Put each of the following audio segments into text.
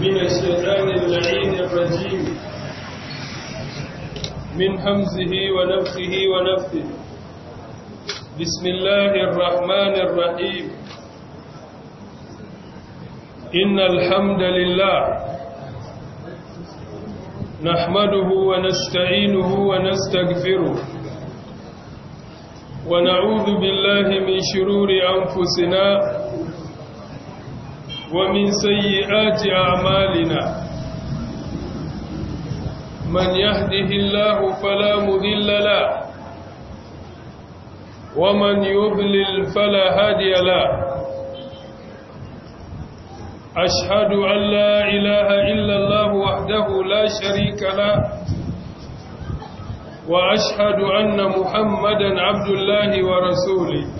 من الشيطان اللعين الرجيم من همزه ونفخه ونفسه بسم الله الرحمن الرحيم إن الحمد لله نحمده ونستعينه ونستغفره ونعوذ بالله من شرور أنفسنا ونعوذ ومن سيئات أعمالنا من يهده الله فلا مذل له ومن يضلل فلا هادي له أشهد أن لا إله إلا الله وحده لا شريك له وأشهد أن محمدا عبد الله ورسوله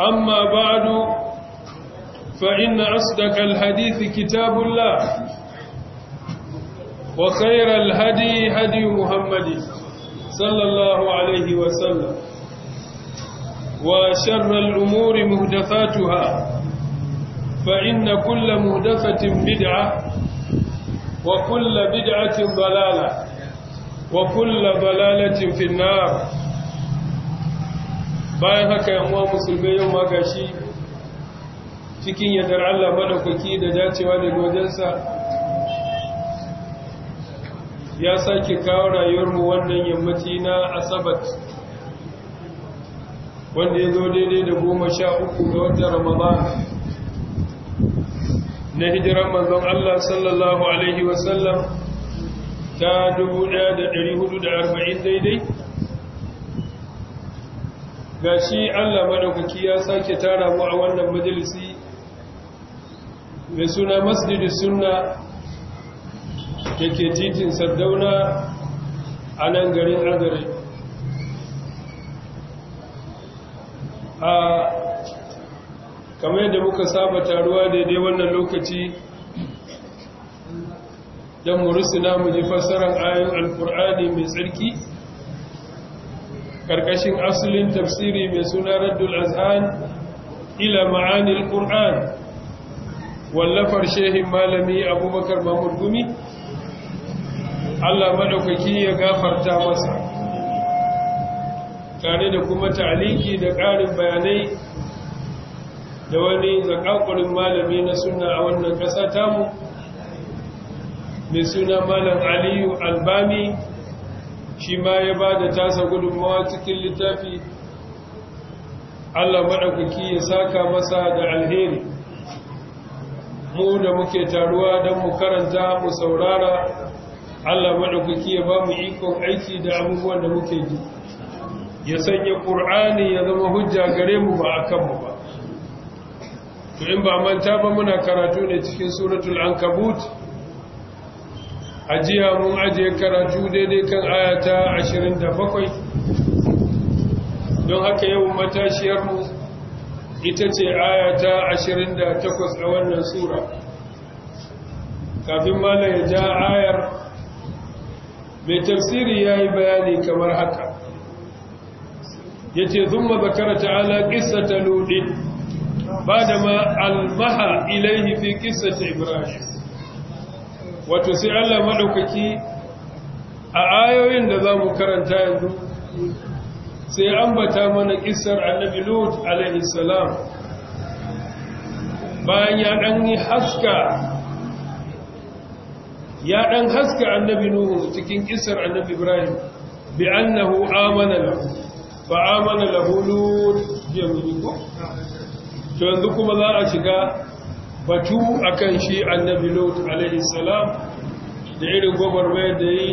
أما بعد فإن أصدق الحديث كتاب الله وخير الهدي هدي محمد صلى الله عليه وسلم وشر الأمور مهدفاتها فإن كل مهدفة بدعة وكل بدعة ضلالة وكل ضلالة في النار bayan haka yanwa musulmi yau ma gashi cikin yadda Allah maɗaukaki da dacewa da gojensa ya sake kawo rayuwarmu wannan yammaci na asabat wanda ya zo daidai da goma sha uku ga wata ramadan na hijiran manzon Allah sallallahu alaihi wasallam ta 1440 daidai ga shi Allah maɗaukaki ya sake tara mu a wannan majalisi mai suna masjidi suna da ke titin sardauna a nan garin agare a kamar yadda muka saba taruwa daidai wannan lokaci don mu rusuna mu ji fassarar ayon alkur'ani mai tsarki karkashin asalin tafsiri mai suna raddul azhan ila ma'anil qur'an wallafar shehin malami abubakar mahmud gumi Allah madaukaki ya gafarta masa tare da kuma ta'aliki da ƙarin bayanai da wani zakakurin malami na suna a wannan ƙasa tamu mai suna malam aliyu albami shi ma ya ba da tasa gudunmawa cikin littafi Allah maɗaukaki ya saka masa da alheri mu da muke taruwa don mu karanta mu saurara Allah maɗaukaki ya ba mu ikon aiki da abubuwan da muke ji ya sanya ƙur'ani ya zama hujja gare mu ba a kanmu ba to in ba manta ba muna karatu ne cikin suratul ankabut ajiya mun ajiye karatu daidai kan ayata 27 don haka yau matashiyarmu ita ce ayata 28 a wannan sura kafin mala ya ja ayar mai tafsiri ya yi bayani kamar haka ya ce zumma zakara ta'ala ƙisa ta lodin ba da ma almaha ilaihi fi ƙisa ta ibrahim wato sai Allah maɗaukaki a ayoyin da za mu karanta yanzu sai ambata mana kisar annabi lut alaihi salam bayan ya ɗan yi haska ya ɗan haska annabi nuhu cikin kisar annabi ibrahim bi annahu amana lahu fa amana lahu lut to yanzu kuma za a shiga batu akan shi annabi lot alaihi salam da irin gwagwarmayar da yi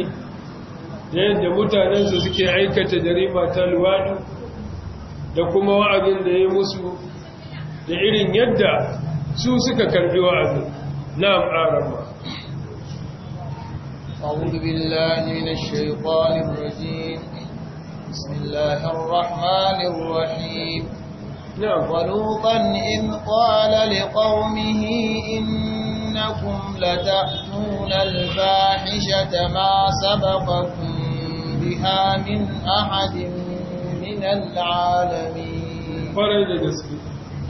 da yadda mutanensu suke aikata jarima ta luwaɗi da kuma wa'abin da ya musu da irin yadda su suka karbi wa'azin na'am arama أعوذ بالله من الشيطان الرجيم بسم الله الرحمن الرحيم ولوطا إذ قال لقومه إنكم لتأتون الفاحشة ما سبقكم بها من أحد من العالمين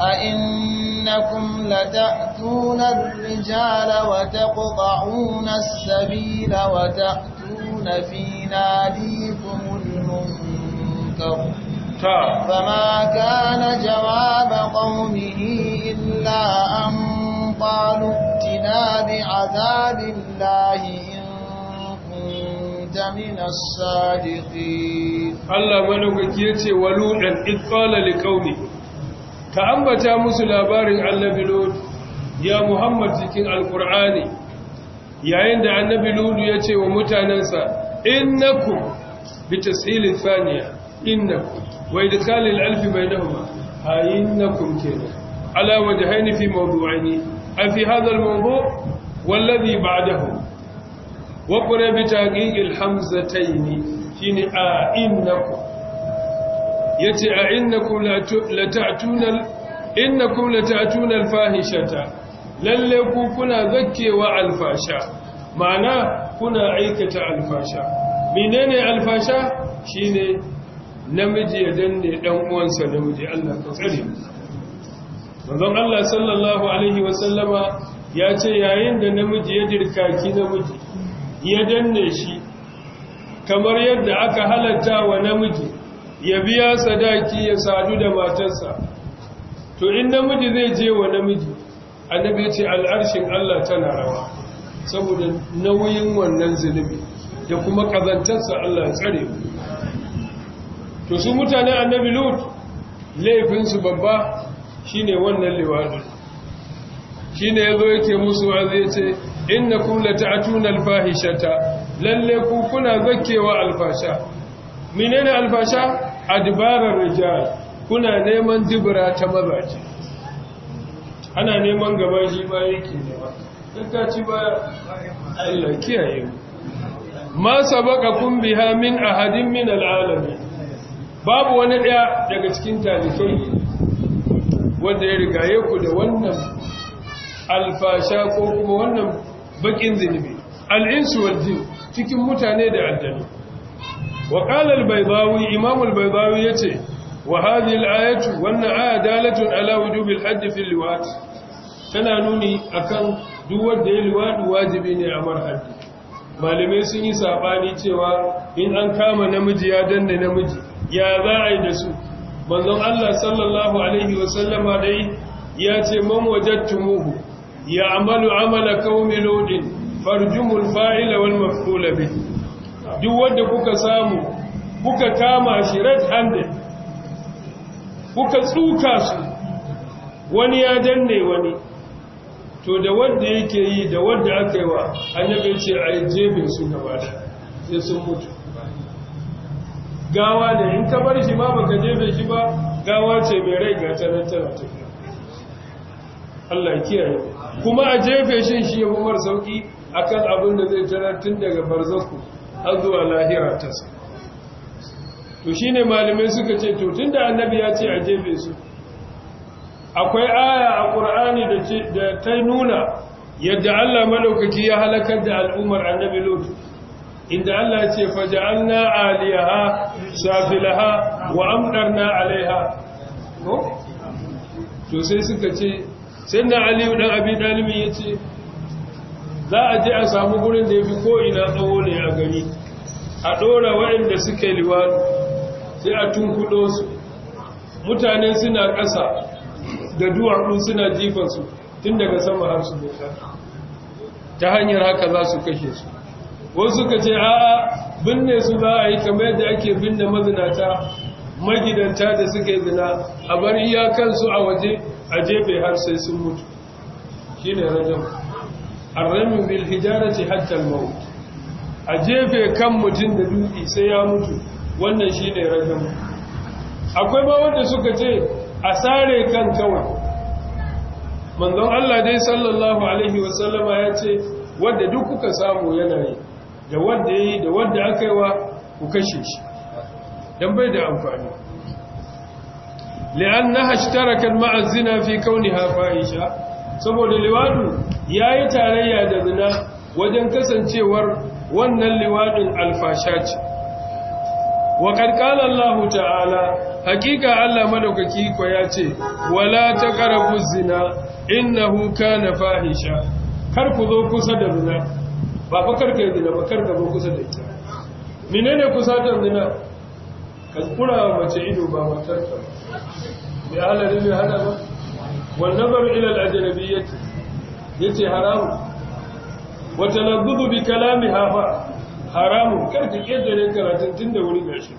أئنكم لتأتون الرجال وتقطعون السبيل وتأتون في نادي فما كان جواب قومه إلا أن قالوا ابتنا بعذاب الله Allah mana ya ce walu’an ikkola li kauni, ka ambata musu labarin annabi Lodi ya Muhammad cikin Al’ur'ani yayin da annabi Lodi ya ce wa mutanensa, ku, bi tasirin saniya, ku. Wai da idkhalil alfi na hayinnakum kenan ala haini fi A fi mawdu'aini afi hadha almawdu' walladhi ba'dahu wa qura bi taqiqil hamzataini shine a innakum yace a innakum la ta'tuna innakum la ta'tuna alfahishata lalle ku kuna zakkewa alfasha ma'ana kuna aikata alfasha menene alfasha Shi ne. namiji ya danne dan uwansa namiji Allah ka tsare manzon Allah sallallahu alaihi wa sallama ya ce yayin da namiji ya dirka ki namiji ya danne shi kamar yadda aka halatta wa namiji ya biya sadaki ya sadu da matarsa to in namiji zai je wa namiji annabi ya ce al'arshin Allah tana rawa saboda nauyin wannan zunubi da kuma kazantarsa Allah ya tsare mu to su mutanen annabi lut laifinsu babba shi ne wannan liwadin zo ya ce musu wazi ta a lata'tuna alfahishata lalle ku kuna zakewa alfasha menene alfasha A dubarar rijal kuna neman dibra ta mazaje ana neman gaba shi ba yake nema dukka ci ba Allah kiyaye ma kun biha min ahadin min alalamin babu wani ɗaya daga cikin talifai wanda ya rigaye ku da wannan alfasha ko kuma wannan bakin zinibi al'insu wal cikin mutane da addani وقال البيضاوي امام البيضاوي يتي وهذه الايه yace wa ayatu wannan aya dalatun ala al-hadd fi tana nuni akan duk wadda ya wajibi ne a malamai sun yi saɓani cewa in an kama namiji ya danna namiji ya za a yi da su manzon Allah sallallahu alaihi wasallama dai ya ce man wajattumuhu ya amalu amala qaumi lodin farjumul fa'ila wani mafkola bi duk wadda kuka samu kuka kama shi red handed kuka tsuka su wani ya danne wani to da wanda yake yi da wanda aka yi wa annabin ce a yi jebin su gaba sai sun mutu gawa ne in ka bar shi ma baka jefe shi ba gawa ce mai rai ga tanar tana tafiya Allah kiyaye kuma a jefe shi shi ya kuma sauki akan abin da zai tarar tun daga barzaku har zuwa lahira ta sa to shine malamai suka ce to tunda annabi ya ce a jefe su akwai aya a Qur'ani da ta nuna yadda Allah maɗaukaki ya halakar da al'ummar annabi Lut inda Allah ya ce faja'alna aliyaha safilaha wa amdarna alaiha ko to sai suka ce sai na aliyu dan abi dalibin ya ce za a je a samu gurin da ya fi ko'ina tsawo ne a gari a ɗora waɗanda suke yi sai a tunkuɗo su mutane suna ƙasa da duwatsu suna jifansu tun daga sama har su ta hanyar haka za su kashe su wasu suka ce a'a binne su za a yi kamar yadda ake binne mazinata magidanta da suke zina a bar iyakansu a waje a jefe har sai sun mutu shi ne rajam arrami bil ce hajjal al a jefe kan mutum da dutse sai ya mutu wannan shi ne rajam akwai ba wanda suka ce a sare kan kawai manzon Allah dai sallallahu alaihi wasallama ya ce wanda duk kuka samu yana yi da wanda yi da wanda aka yi ku kashe shi don bai da amfani li'annaha ishtarakat kan ma'azina fi kauniha fahisha saboda liwadu yayi tarayya da zina wajen kasancewar wannan liwadin alfasha ce wa qala Allah ta'ala hakika Allah madaukaki ko ya ce wala ta taqrabu zina innahu na fahisha kar ku zo kusa da zina ba bakar kai zina ba kar ka zo kusa da ita menene ta zina ka kura wa mace ido ba matar ta bai halari bai hada ba wannan bar ilal Ya yace haramu wa taladdud bi kalami hafa haramu kar ka ne karatun tun da wuri gashi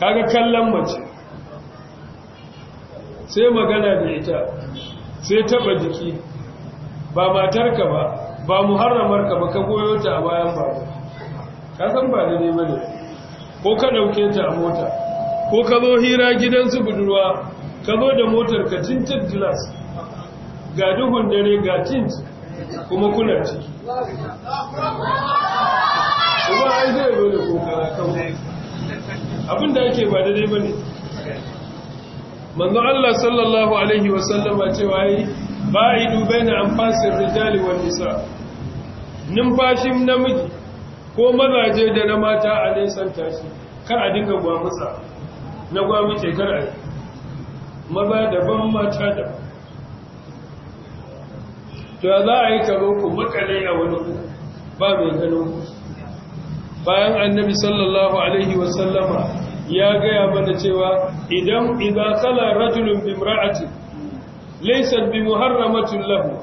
kaga kallon mace sai magana da ita sai taba jiki ba matarka ba ba haramar ka ba ka goyo ta a bayan babu ka san ba da ne bane ko ka dauke ta a mota ko ka zo hira gidansu budurwa ka zo da motar ka tintin glass ga duhun dare ga tint kuma kuna ci kuma ai zai zo da kokara kan abin da ake ba da ne. bane manzo Allah sallallahu alaihi wasallama cewa yi ba'idu baina anfasir rijali wan nisa' numfashin namiji ko mazaje da na mata a nisan tashi, kar a dinga gwamutsa na gwamutse kar a yi maza daban mata daban to za a yi karo ku makale a wani ku ba mai ganin ku bayan annabi sallallahu alaihi wasallama ya gaya mana cewa idan idza kala rajulun bimra'ati imra'atin laysa bi muharramatin lahu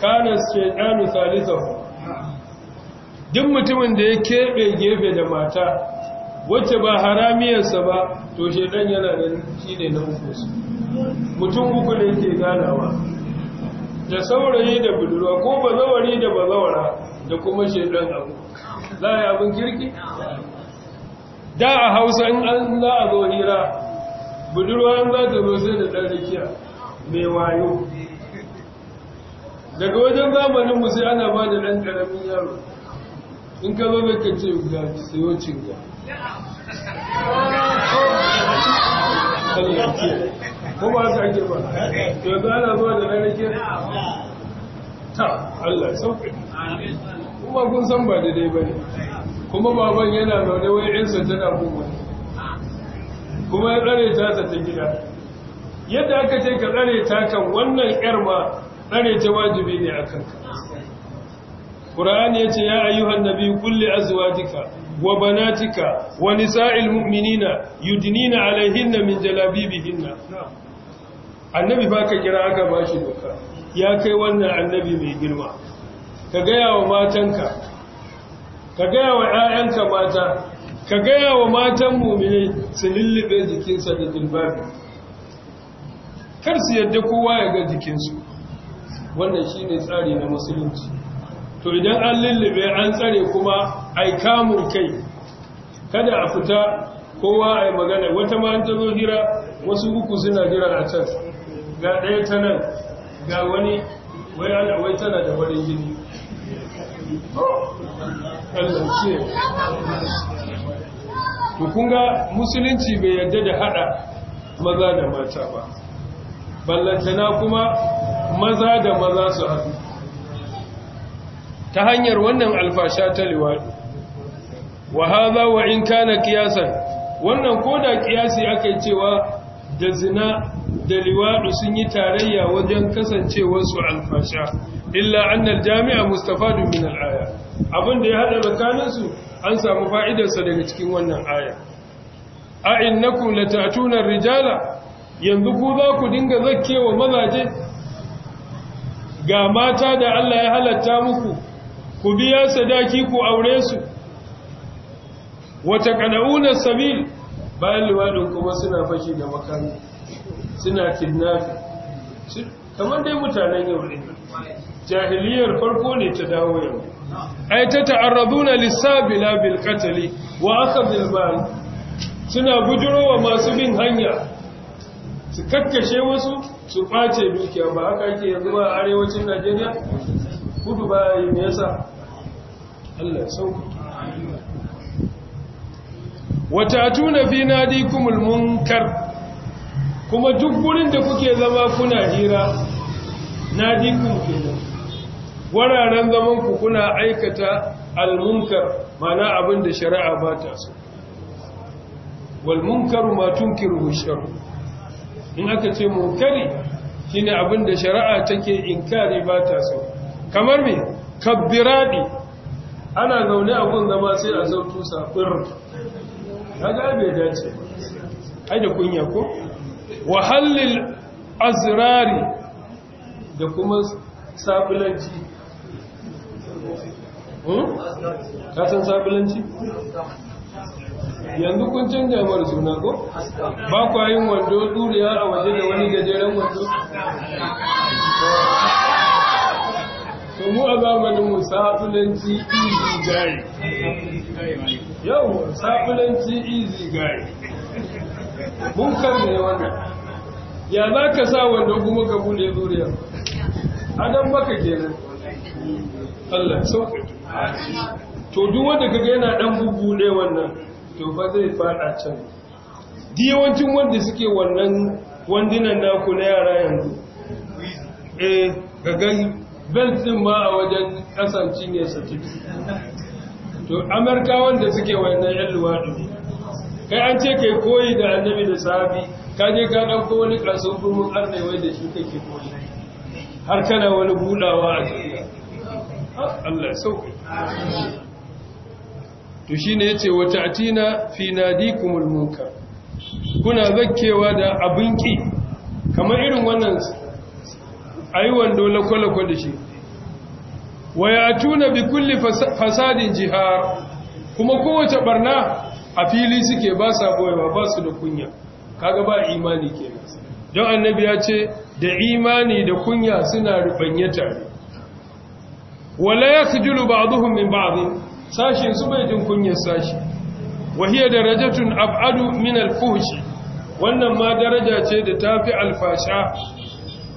kana shaytanu thalithahu duk mutumin da ya keɓe gefe da mata wacce ba haramiyarsa ba to shaidan yana da shi ne na uku mutum uku da yake ganawa da saurayi da budurwa ko bazawari da bazawara da kuma shaidan abu za a yi abin kirki da a hausa in an za a zo hira budurwa an za ta zo sai da ɗan rikiya mai wayo daga wajen zamaninmu sai ana ba da ɗan ƙaramin yaro in ka zo ka ce ga sayo cinga kuma su ake ba na da ta Allah sauƙi zaune wai tana kuma kuma ya tsare ta ta ta gida yadda aka ce ka tsare ta kan wannan yar ma tsare ta wajibi ne a kanka Qur'ani ce ya ayyuhan nabi kulli azwajika wa banatika wa nisa'il mu'minina yudinina, alaihinna min jalabibihinna annabi ba ka kira aka bashi doka ya kai wannan annabi mai girma ka gaya wa matanka ka gaya wa ƴaƴanka mata ka gaya wa matan mu'mini su lullube jikinsa da jilbabi kar su yadda kowa ya ga jikinsu wannan shine tsari na musulunci to idan an lullube an tsare kuma ai kamun kai kada a fita kowa a yi magana wata ma an zo gira wasu uku suna jira a can ga ɗaya ta nan ga wani wai ana wai tana da farin gini to kunga musulunci bai yarda da hada maza da mata ba ballantana kuma maza da maza su haɗu ta hanyar wannan alfasha ta liwaɗi, wa wa in kana kiyasan wannan koda kiyasi ake cewa da zina da liwaɗi sun yi tarayya wajen kasancewar alfasha illa annal jami'a mustafadun min al'aya. Abin da ya hada tsakanin su an samu fa'idarsa daga cikin wannan aya a innakum latatuna ar-rijala yanzu ku za ku dinga zakkewa mazaje ga mata da Allah ya halatta muku ku biya sadaki ku aure su wata kanauna sabil bayan liwaɗin kuma suna fashi da makami suna kidnafi kamar dai mutanen yau ne jahiliyar farko ne ta dawo yau ai ta ta'arraduna lisabila bil qatl wa aka mal suna bujurowa masu bin hanya su kakkashe wasu su kwace dukiya ba haka yake yanzu ba a arewacin Najeriya kudu ba yi me Allah sauki wata tuna fi nadikumul munkar kuma duk gurin da kuke zama kuna hira ke kenan wararen zaman ku kuna aikata almunkar mana abin da shari'a ba ta so wal munkaru ma tunkiru shar'u in aka ce munkari shine abin da shari'a take inkari ba ta so kamar me kabbiradi ana zaune a gun zama sai a zautu safir kaga bai dace ai da kunya ko wa halil azrari da kuma sabulanci hmm? ka san sabulanci yanzu kun canja mara suna ko ba kwa wando duriya a waje da wani gajeren wando to mu a zamanin mu safulanci easy guy yau safulanci easy guy Mun ne wannan ya za ka sa wanda kuma ka bude zuriya adam baka kenan Allah so. to duk wanda kaga yana dan bubbude wannan to fa zai fada can diyawancin wanda suke wannan wandunan naku na yara yanzu eh gani. belt din ma a wajen kasan cinye sa to amurka wanda suke wannan yan luwaɗi kai an ce kai koyi da annabi da sahabi ka je ka ɗauko wani ƙasun gumin arnaiwai da shi kake koyi har kana wani buɗawa a duniya Allah ya to shi ne ya ce wata atina fi nadikumul munkar kuna zakkewa da abin ƙi kamar irin wannan ayi wando lakwalakwa da shi wa yatuna bi kulli fasadin jihar kuma kowace barna a fili suke ba sa boyewa ba su da kunya kaga ba imani kenan don annabi ya ce da imani da kunya suna rubanye tare wala yakjulu ba'dhum min ba'd sashin su bai jin kunyar sashi wahiya darajatun ab'adu min al-fuhsh wannan ma daraja ce da tafi alfasha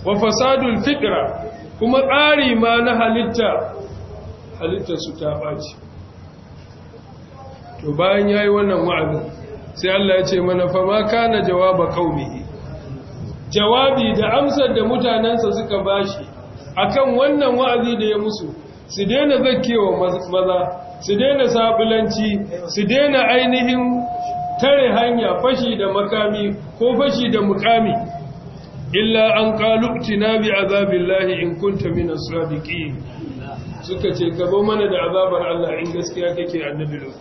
wa fasadul fikra kuma tsari ma na halitta halitta su ta ɓaci to bayan ya yi wannan wa'adin sai Allah ya ce mana fama kana jawaba ƙaunihi jawabi da amsar da mutanensa suka ba bashi akan wannan wa'azi da ya musu su daina zakewa maza su daina sabulanci su daina ainihin tare hanya fashi da makami ko fashi da mukami illa an qalu tina bi azabillahi in kunta min as suka ce gabo mana da azabar Allah in gaskiya kake annabi lo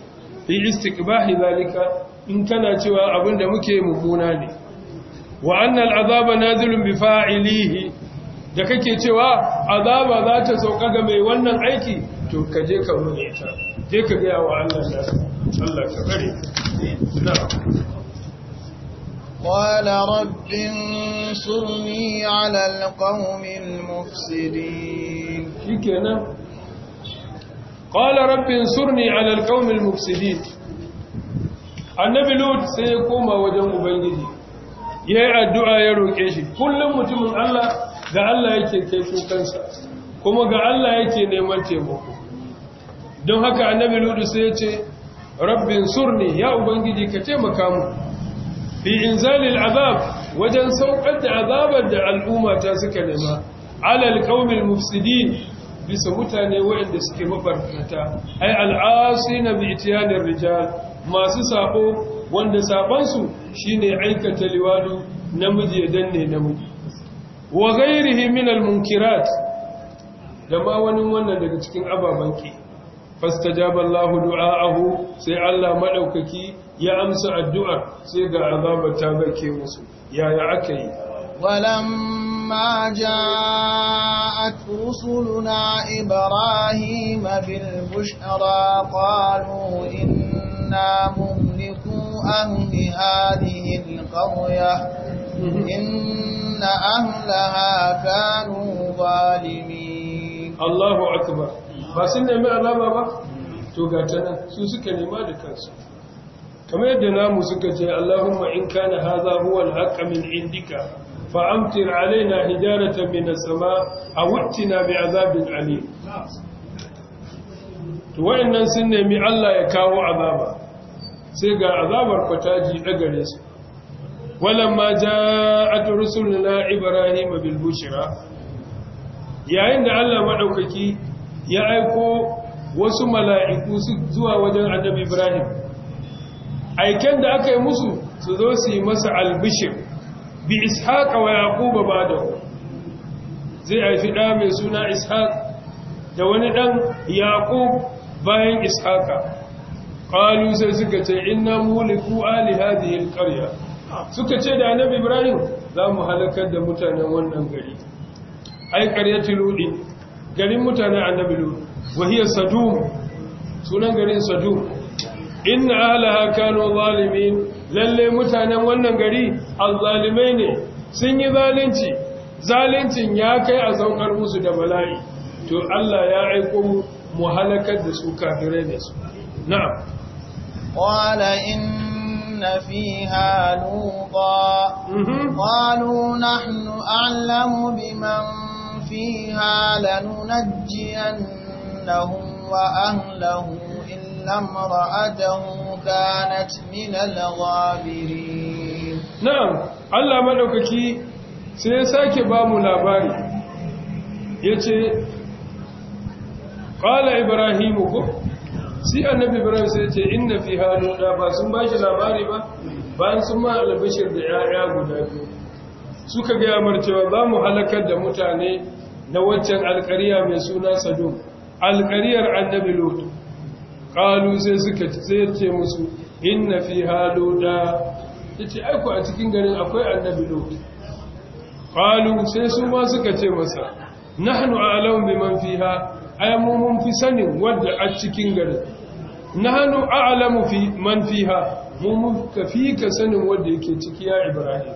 fi istiqbahi zalika in kana cewa abinda muke muguna ne wa anna al-azaba nazilun bi fa'ilihi da kake cewa azaba za ta sauka ga mai wannan aiki to ka je ka rune ta je ka ga wa Allah da Allah ka قال رب انصرني على القوم المفسدين شكرا قال رب انصرني على القوم المفسدين annabi lut sai ya koma wajen ubangiji ya yi addu'a ya roƙe shi kullum mutumin Allah ga Allah yake kai kukansa kuma ga Allah yake neman taimako don haka annabi lut sai ya ce rabbin surni ya ubangiji ka taimaka mu fi inzalil azab wajen saukar da azabar da al'umma ta suka nema alal qaumil mufsidin bisa mutane waɗanda suke mafarkata ai al'asina bi itiyanir rijal masu sabo wanda sabon su shine aikata liwadu namiji ya danne namiji wa ghairihi min munkirat? da ma wani wannan daga cikin ababanki fastajaba Allahu du'aahu sai Allah madaukaki ya amsa addu'ar sai ga azaba ta bake musu yaya aka yi walamma ja'at rusuluna ibrahima bil bushra qalu inna muhliku ahli hadhihi al qaryah إن أهلها كانوا ظالمين الله أكبر بس إنما ألابا تو غاتنا سوسك da دكانسو kamar yadda namu suka ce Allahumma in kana hadha huwa al-haqq min indika fa amtir alaina hijaratan min as-sama' aw ittina bi'azabin alim to wayannan sun nemi Allah ya kawo azaba sai ga azabar fataji dagare su walamma ja'at rusuluna ibrahim bil bushra yayin da Allah madaukaki ya aiko wasu mala'iku zuwa wajen annabi ibrahim aiken da aka yi musu su zo su yi masa albishir bi ishaqa wa yaquba ku? zai haifi ɗa mai suna ishaq da wani ɗan yaqub bayan ishaqa qalu sai suka ce inna muliku ali hadhihi alqarya suka ce da annabi ibrahim za mu halakar da mutanen wannan gari ai qaryatul ludi garin mutanen annabi ludi wahiya sadum sunan garin sadum in ahalaha kanu zalimin lalle mutanen wannan gari azzalimai ne sun yi zalunci zaluncin ya kai a saukar musu da bala'i to Allah ya aiko mu mu da su kafirai ne su na'am qala inna fiha luqa mhm. qalu nahnu a'lamu biman fiha lanunajjiyannahu wa ahlahu na allah maɗaukaki الغابرين نعم الله مدوكي sai sake ba mu labari ce, qala Ibrahimu ko si annabi ibrahim sai yace na fi halu ba sun ba shi labari ba ba sun ma albashir da yaya guda biyu suka gaya yamar cewa za mu halakar da mutane na waccan alkariya mai suna sadum alkariyar annabi lotu ƙalu sai suka ce musu inna fi halo da ya ce aiko a cikin garin akwai annabi lokaci ƙalu sai su ma suka ce masa nahnu a'lamu biman fiha ay mu mun fi sanin wadda a cikin garin nahnu a'lamu fi man fiha ha? mun ka fi ka sanin wadda yake ciki ya ibrahim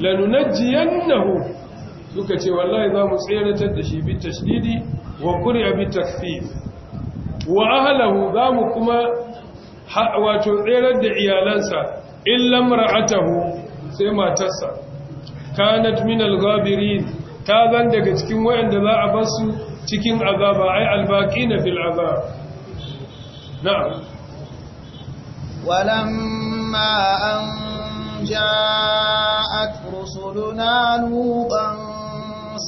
lanunajjiyannahu suka ce wallahi za mu tseratar da shi bi tashdidi wa qur'a bi takfif wa ahlahu za mu kuma wato tserar da iyalansa illan ra'atahu sai matarsa kanat min al-ghabirin ta zan daga cikin wayanda za a basu cikin azaba ai albaqina fil azab na'am walamma an ja'at rusuluna lutan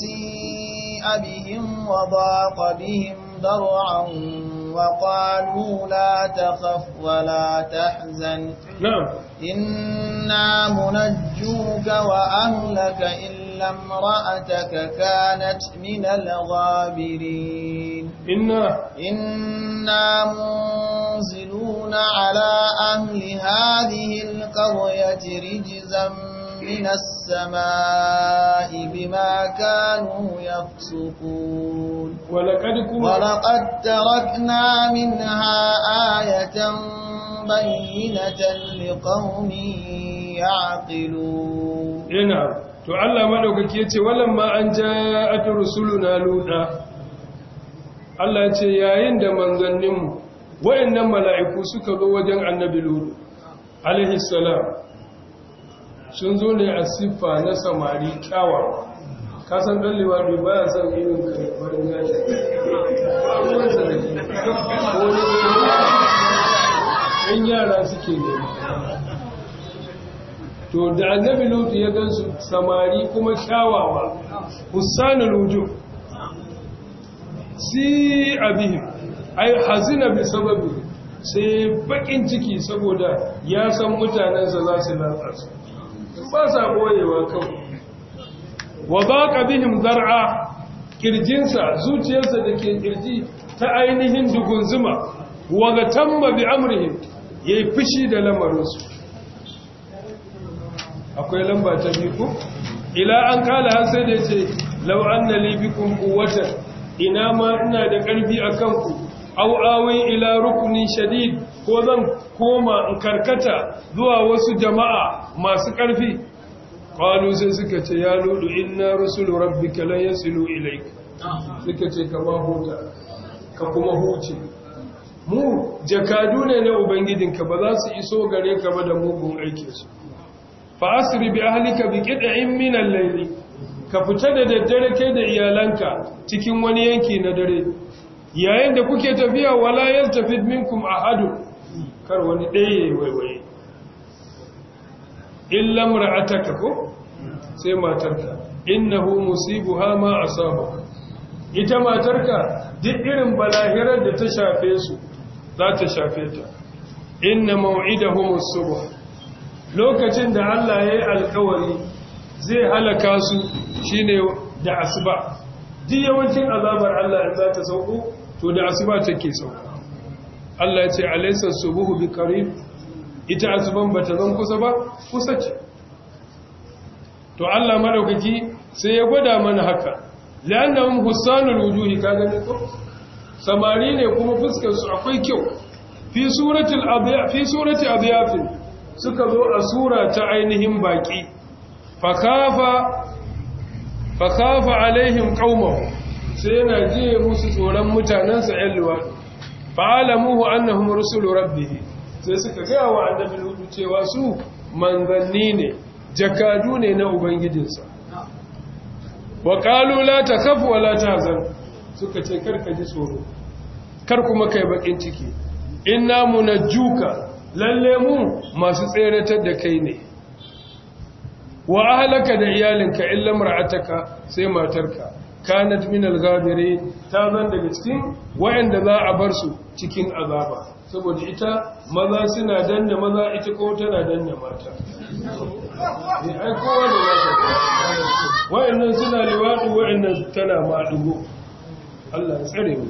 si'a bihim wa daqa bihim dar'an وقالوا لا تخف ولا تحزن نعم إنا منجوك وأهلك إلا امرأتك كانت من الغابرين إنا إنا منزلون على أهل هذه القرية رجزا من السماء بما كانوا يفسقون ولقد, ولقد تركنا منها آية بينة لقوم يعقلون نعم تعلم Allah كيتي ولما أن جاءت ja'at rusuluna Allah ce yayin da manzanninmu wayannan mala'iku suka zo wajen annabi ludu alaihi salam sun zo ne a siffa na samari kyawawa kasan ɗan liwari ba ya san irin karfarin ɗan yara suke ne to da annabi lutu ya gansu samari kuma kyawawa hussanu lujo si abihim ai hazina bi sababi sai bakin ciki saboda ya san mutanensa za su latsa ba sa goyewa kawai wa bi bihim zar'a kirjinsa zuciyarsa da ke kirji ta ainihin dugun zuma wa ga tamma bi ya yi fushi da lamarinsu akwai lamba ta ko ila an kala har sai da yace law anna li kuwatar ina ma ina da karfi kan ku Au ila rukunin shadid ko zan koma in karkata zuwa wasu jama'a masu ƙarfi ƙwano sai suka ce ya ludu inna rasulu rabbi kalan ya silu ilaik suka ce ka ba huta ka kuma huce mu jakadu ne na ka ba za su iso gare ka ba da mugun aikinsu fa asiri bi ahlika bi qit'in min al ka fita da daddare kai da iyalanka cikin wani yanki na dare yayin da kuke tafiya wala yaltafid minkum ahadun kar wani ɗaya waiwaye a taka ko sai matarka innahu hama a asaba ita matarka duk irin balahirar da ta shafe su za ta shafe ta inna maw'idahum as ba. lokacin da Allah ya yi alkawari zai halaka su shine da asuba duk yawancin azabar Allah in za ta sauko to da asuba take sauka Allah ya ce alaysa subuhu bi qarib ita asuban bata zan kusa ba kusa ce to Allah madaukaki sai ya gwada mana haka li'annahum husanul wujuhi ka gani ko samari ne kuma fuskar su akwai kyau fi suratul adya fi surati suka zo a sura ta ainihin baki fakafa fakafa alaihim qaumahum sai yana je musu tsoron mutanansa ƴan fa'alamuhu annahum rusulu sai suka gaya wa annabi hudu cewa su manzanni ne jakadu ne na ubangijinsa wa qalu la takhaf wa tahzan suka ce karka ji tsoro kar kuma kai bakin ciki inna munajjuka lalle mu masu tseratar da kai ne wa ahlaka da iyalinka illa mar'ataka sai matarka kanat min al-ghabirin ta zan daga cikin wa'anda za a bar su cikin azaba saboda ita maza suna danna maza ita ko tana danna mata ne eh, ai kowa da zaka wa'annan suna liwadi wa'annan tana madugo Allah ya tsare mu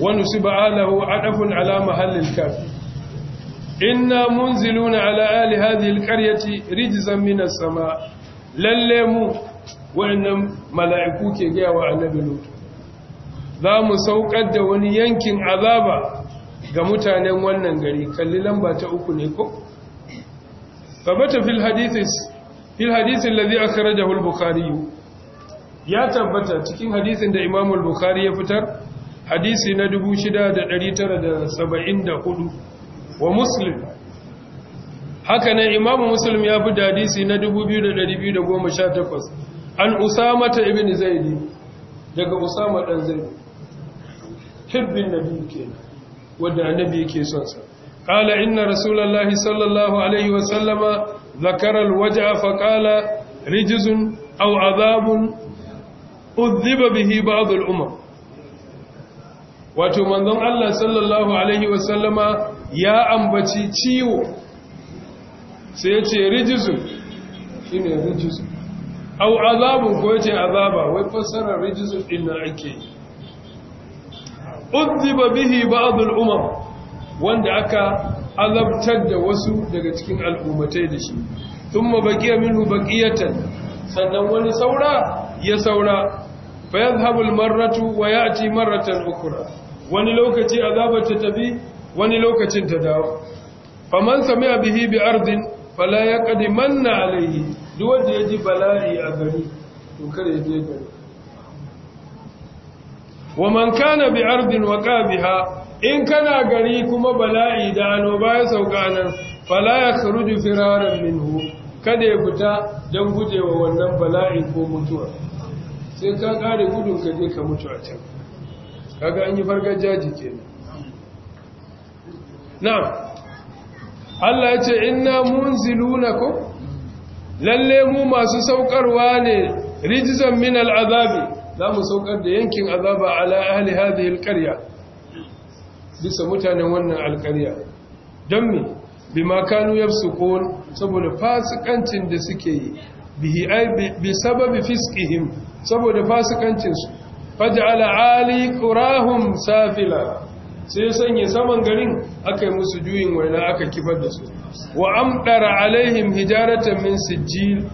wa nusiba alahu adafun ala mahallil kafir inna munziluna ala ali hadhihi al-qaryati rijzan min as-sama lalle mu waɗannan mala'iku ke gaya wa annabi lutu za mu saukar da wani yankin azaba ga mutanen wannan gari kalli lamba ta uku ne ko tabbata fil hadithis fil hadithin ladhi akhrajahu al-bukhari ya tabbata cikin hadisin da imam al-bukhari ya fitar hadisi na 6974 wa muslim haka nan imam muslim ya fi dadisi na 2218 an usama ta ni zai daga usama dan ne hibbin na biyu kenan wanda annabi ke son sa qala inna rasulullahi sallallahu alaihi wa sallama waje a faƙala rijizun au aw adhabun udhiba bihi ba al-umam wato manzon Allah sallallahu alaihi wa sallama ya ambaci ciwo sai ya ce rijisun shi ne rijisun au azabun ko ya ce azaba wai fassarar rijisun ɗin na ake yi uzziba bihi ba'dul umam wanda aka azabtar da wasu daga cikin al'ummatai da shi thumma baqiya minhu baqiyatan sannan wani saura ya saura fa yadhhabu al-marratu wa ya'ti marratan ukhra wani lokaci azabar ta tafi wani lokacin ta dawo faman sami bihi bi ardin fala ya manna alaihi duk wanda ya ji bala'i a gari to kada ya je gari wa man kana bi ardin wa biha in kana gari kuma bala'i da annoba ya sauka nan fala ya kharuju firaran minhu kada ya fita don gujewa wannan bala'i ko mutuwa sai ka kare gudun ka je ka mutu a can kaga an yi fargajaji kenan na'am Allah ya ce inna ko? lalle mu masu saukarwa ne rijzan min al'azabi za mu saukar da yankin azaba ala ahli hadhihi alqarya bisa mutanen wannan alqarya dan me bima kanu yafsukun saboda fasikancin da suke yi bi sababi fisqihim saboda fasikancin su faj'ala ali safila sai sanya saman garin aka yi musu juyin waina aka kifar da su wa amdara alaihim hijaratan min sijil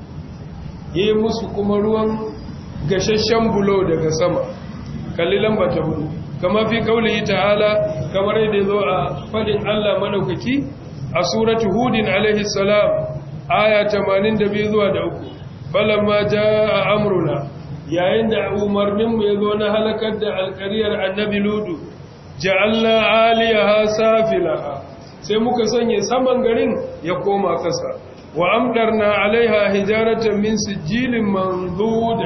yi musu kuma ruwan gashashen bulo daga sama kalli lamba ta hudu kama fi yi ta'ala kamar yadda zo a fadin Allah manaukaki a suratu hudin alaihi salam aya 82 zuwa da uku balamma a amruna yayin da umarninmu ya zo na halakar da alkariyar annabi ludu ja'alna aliyaha safilaha sai muka sanya saman garin ya koma kasa wa amdarna alaiha hijaratan min sijilin manzud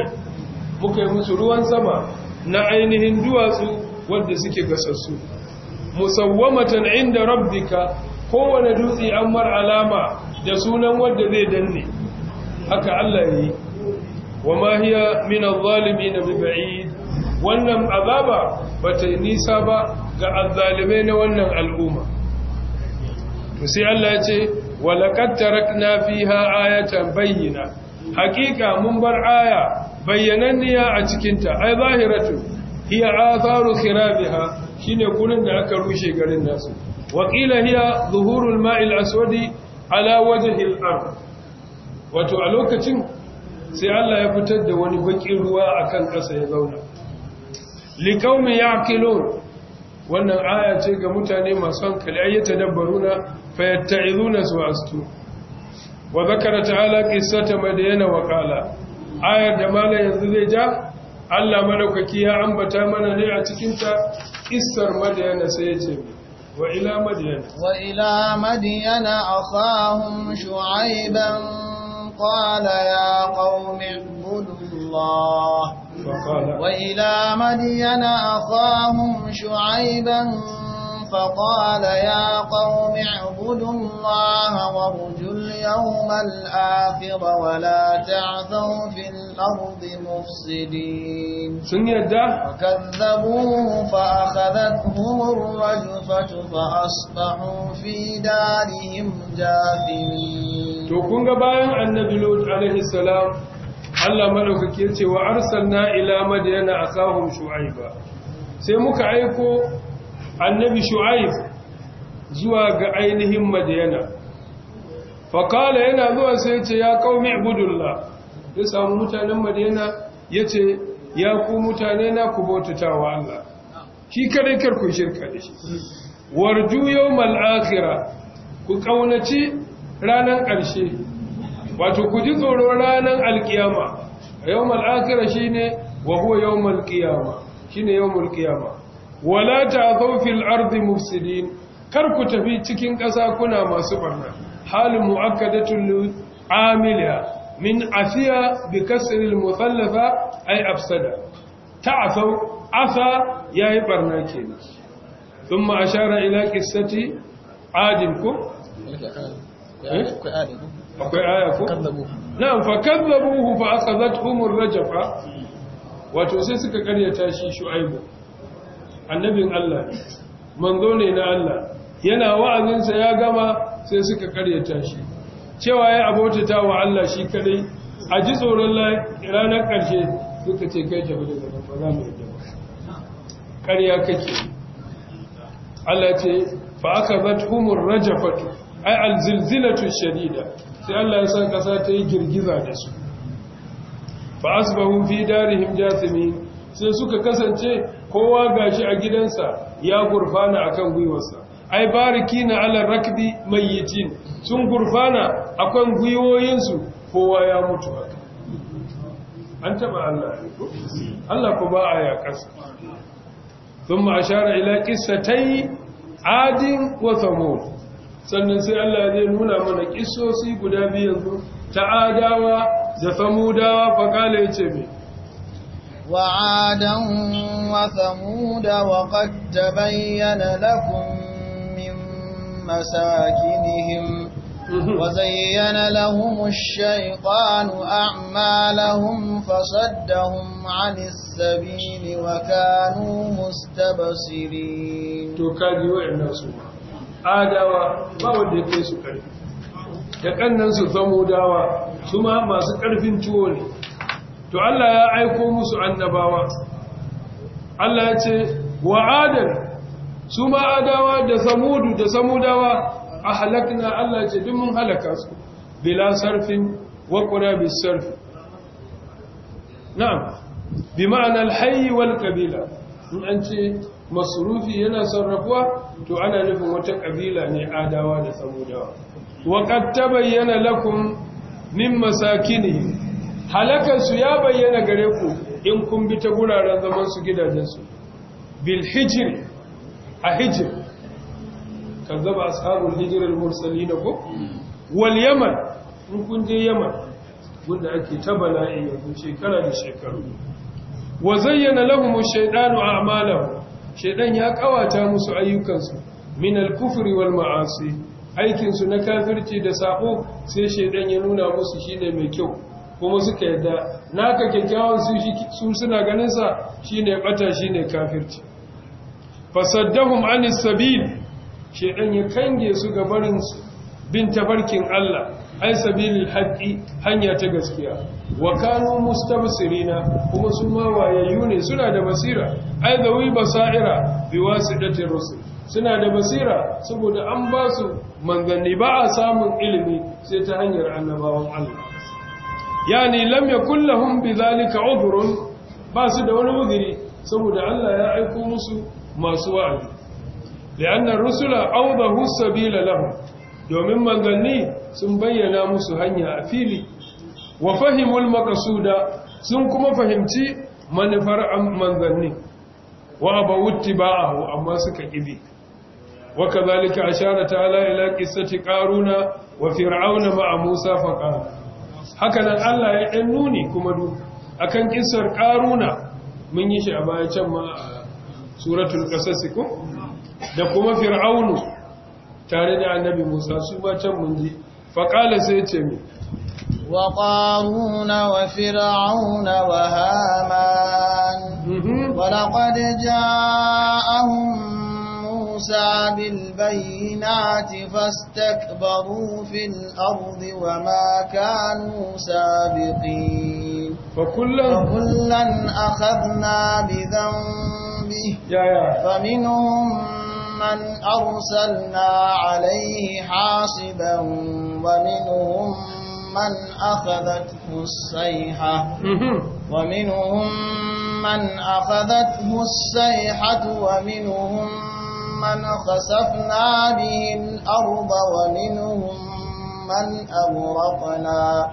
muka yi musu ruwan sama na ainihin duwatsu wanda suke gasassu musawwamatan inda rabbika kowane dutse an mar alama da sunan wanda zai danne haka Allah yi wa ma hiya min adh-dhalimin bi ba'id wannan azaba bata nisa ba ga azzalimai na wannan al'umma to sai Allah ya ce walaqad tarakna fiha ayatan bayyina hakika mun bar aya bayyananniya a cikin ta ay zahiratu hiya atharu khirabiha shine gurin da aka rushe garin nasu waqila hiya zuhurul ma'il aswadi ala wajhi al-ard wato a lokacin sai Allah ya fitar da wani bakin ruwa akan ƙasa ya zauna liqaumi yakilun. wannan aya ce ga mutane masu hankali ai yatadabbaruna su astu wa zakara ta'ala qissata madayna wa qala Aya da mala yanzu zai ja Allah madaukaki ya ambata mana ne a cikin ta qissar madayna sai ya ce wa ila madayna wa ila madayna akhahum shu'ayban qala ya qaumi ibudu وإلى مدين أخاهم شعيبا فقال يا قوم اعبدوا الله وارجوا اليوم الآخر ولا تعثوا في الأرض مفسدين فكذبوه فأخذتهم الرجفة فأصبحوا في دارهم جاثمين تكون باين النبي لوط عليه السلام Allah malaukaki ya ce wa arsalna ila madyana asahum shu'aiba sai muka aiko annabi shu'aib zuwa ga ainihin madyana fa kala yana zuwa sai ce ya qaumi ibudullah ya samu mutanen madyana yace ya ku mutane na ku bautatawa Allah shi kadai kar ku shirka da shi warju yawmal akhirah ku kaunaci ranan ƙarshe wato ku ji tsoro ranar alkiyama yawmal akhirah shine wa huwa yawmal qiyama shine yawmul qiyama wala ta'thaw fil ardi mufsidin kar ku tafi cikin ƙasa kuna masu barna halin mu'akkadatul Amiliya, min afiya bi kasril ai ay afsada asau asa yayi barna kenan thumma ashara ila qissati adin akwai aya ko na'am fa kadzabuhu fa akhadhatuhum ar-rajfa wato sai suka karyata shi shu'aibu annabin Allah manzo ne na Allah yana wa'azin sa ya gama sai suka karyata shi cewa ya abotata wa Allah shi kadai a ji tsoron ranar karshe suka ce kai ta da gaba ba za mu yadda ba karya kake Allah ce fa aka zat humur rajafatu ai alzilzilatu shadida sai Allah ya san kasa ta yi girgiza da su fa asbahu fi darihim jasimi sai suka kasance kowa gashi a gidansa ya gurfana akan gwiwarsa ai bariki barikina ala rakbi mayyitin sun gurfana akan gwiwoyinsu kowa ya mutu haka an taba Allah Allah ko ba a ya kasa thumma ashara ila qissatay adin wa thamud sannan sai Allah zai nuna mana ƙisosi guda biyu yanzu ta adawa zafamudawa fa kala yace me wa adan wa samuda wa qad tabayyana lakum min masakinihim mhm. wa zayyana lahum ash-shaytanu a'malahum fasaddahum 'anis sabili wa kanu mustabsirin to kadi wa'nasu adawa ba wanda ya kai su ƙarfi da ƙannan su dawa su ma masu ƙarfin ciwo ne to Allah ya aiko musu annabawa Allah ya ce wa adar su ma adawa da samudu da samudawa a halakna Allah ce duk mun halaka su bila sarfin wa bi sarfi na'am bi ma'anar hayyi wal kabila in an ce masrufi yana sarrafuwa to ana nufin wata kabila ne adawa da samudawa wa qad tabayyana lakum min masakini halakan su ya bayyana gare ku in kun bi ta guraren zaman su gidajen su bil hijr a hijr kazzaba ashabul hijr al mursalin ko wal yaman in kun je yaman wanda ake ta bala'i yanzu shekara da shekaru wa zayyana lahum ash-shaytanu a'malahum shedan ya kawata musu ayyukansu min al-kufri wal ma'asi aikinsu na kafirci da sako sai shedan ya nuna musu shine mai kyau kuma suka yadda naka kyakkyawan su suna ganin sa shine bata shine kafirci fasaddahum anis sabil shedan ya kange su ga barin bin tabarkin Allah an sabilil haƙi hanya ta gaskiya wa kanu mustabsirina kuma su ma wayayyu ne suna da basira ai da wi basaira biwasitati rusul suna da basira saboda an ba su manzanni ba a samun ilimi sai ta hanyar annabawan Allah yani lam yakul lahum bidhalika udhrun ba su da wani udhuri saboda Allah ya aiko musu masu wa'azi li'anna rusula awdahu sabila lahum domin manganni sun bayyana musu hanya a fili wa fahimul makasuda sun kuma fahimci manufar manzanni wa ba abawutti ba'ahu amma suka ƙibi wa shara ashara ala ila qissati karuna wa fir'auna ma'a musa faƙa haka nan Allah ya ɗan nuni kuma du akan ƙisar ƙaruna mun yi shi a baya can ma suratul qasas da kuma fir'aunu tare da annabi Musa su ba can mun ji faqala sai ce mi wa qarun wa fir'aun wa haman wa laqad ja'ahum Musa bil bayyinati fastakbaru fil ardi wa ma kanu sabiqin fa kullan akhadna bi dhanbi ya ya fa minhum مَنْ أرسلنا عليه حاصبا ومنهم من أخذته الصيحة ومنهم من أخذته الصيحة ومنهم من خسفنا به الأرض ومنهم من أغرقنا